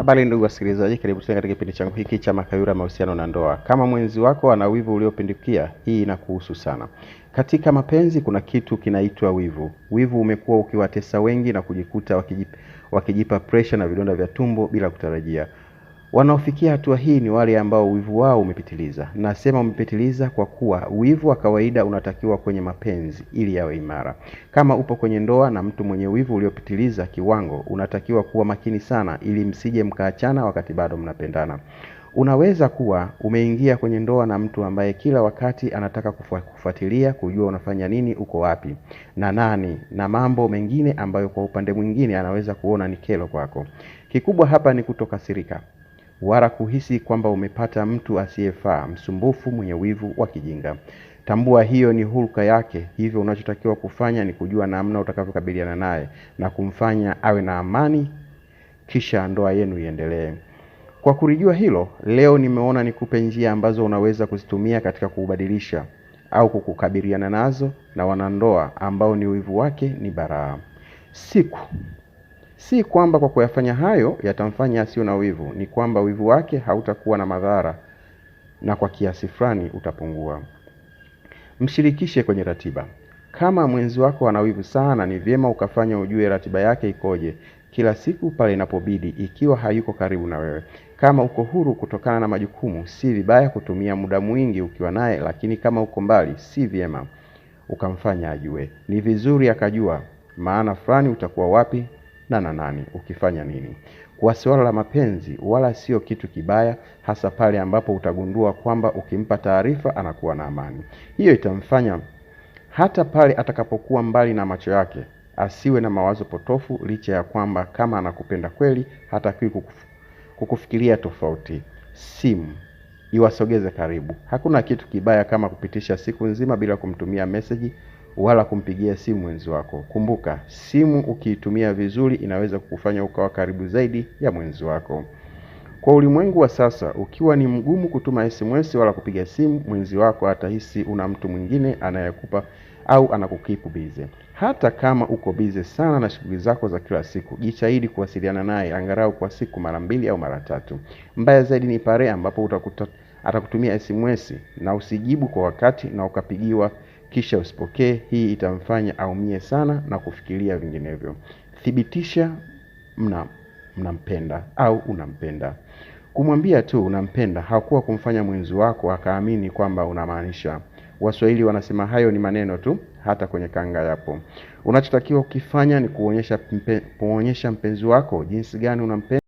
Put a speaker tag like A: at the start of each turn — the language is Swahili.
A: Habari ndugu wasikilizaji, karibu tena katika kipindi changu hiki cha Makayura mahusiano na ndoa. Kama mwenzi wako ana wivu uliopindukia, hii inakuhusu sana. Katika mapenzi kuna kitu kinaitwa wivu. Wivu umekuwa ukiwatesa wengi na kujikuta wakijipa, wakijipa presha na vidonda vya tumbo bila kutarajia. Wanaofikia hatua hii ni wale ambao wivu wao umepitiliza. Nasema umepitiliza kwa kuwa wivu wa kawaida unatakiwa kwenye mapenzi ili yawe imara. Kama upo kwenye ndoa na mtu mwenye wivu uliopitiliza kiwango, unatakiwa kuwa makini sana ili msije mkaachana wakati bado mnapendana. Unaweza kuwa umeingia kwenye ndoa na mtu ambaye kila wakati anataka kufuatilia kujua unafanya nini, uko wapi na nani, na mambo mengine ambayo kwa upande mwingine anaweza kuona ni kero kwako. Kikubwa hapa ni kutokasirika wala kuhisi kwamba umepata mtu asiyefaa, msumbufu, mwenye wivu wa kijinga. Tambua hiyo ni hulka yake. Hivyo unachotakiwa kufanya ni kujua namna utakavyokabiliana naye na kumfanya awe na amani, kisha ndoa yenu iendelee. Kwa kulijua hilo, leo nimeona nikupe njia ambazo unaweza kuzitumia katika kuubadilisha au kukukabiliana nazo na wanandoa ambao ni wivu wake ni baraa. Siku Si kwamba kwa kuyafanya hayo yatamfanya asiyo na wivu, ni kwamba wivu wake hautakuwa na madhara na kwa kiasi fulani utapungua. Mshirikishe kwenye ratiba. Kama mwenzi wako ana wivu sana, ni vyema ukafanya ujue ratiba yake ikoje kila siku pale inapobidi, ikiwa hayuko karibu na wewe. Kama uko huru kutokana na majukumu, si vibaya kutumia muda mwingi ukiwa naye, lakini kama uko mbali, si vyema ukamfanya ajue. Ni vizuri akajua maana fulani utakuwa wapi na na nani ukifanya nini. Kwa suala la mapenzi, wala sio kitu kibaya, hasa pale ambapo utagundua kwamba ukimpa taarifa anakuwa na amani. Hiyo itamfanya hata pale atakapokuwa mbali na macho yake asiwe na mawazo potofu, licha ya kwamba kama anakupenda kweli hatakiwi kukufikiria tofauti. Simu iwasogeze karibu. Hakuna kitu kibaya kama kupitisha siku nzima bila kumtumia meseji wala kumpigia simu mwenzi wako. Kumbuka, simu ukiitumia vizuri inaweza kukufanya ukawa karibu zaidi ya mwenzi wako. Kwa ulimwengu wa sasa, ukiwa ni mgumu kutuma SMS wala kupiga simu, mwenzi wako atahisi una mtu mwingine anayekupa au anakukipu bize. Hata kama uko bize sana na shughuli zako za kila siku, jitahidi kuwasiliana naye angalau kwa siku mara mbili au mara tatu. Mbaya zaidi ni pale ambapo utakuta atakutumia SMS na usijibu kwa wakati na ukapigiwa kisha usipokee. Hii itamfanya aumie sana na kufikiria vinginevyo. Thibitisha mna mnampenda au unampenda. Kumwambia tu unampenda hakuwa kumfanya mwenzi wako akaamini kwamba unamaanisha. Waswahili wanasema hayo ni maneno tu, hata kwenye kanga yapo. Unachotakiwa kukifanya ni kuonyesha mpe, kuonyesha mpenzi wako jinsi gani unampenda.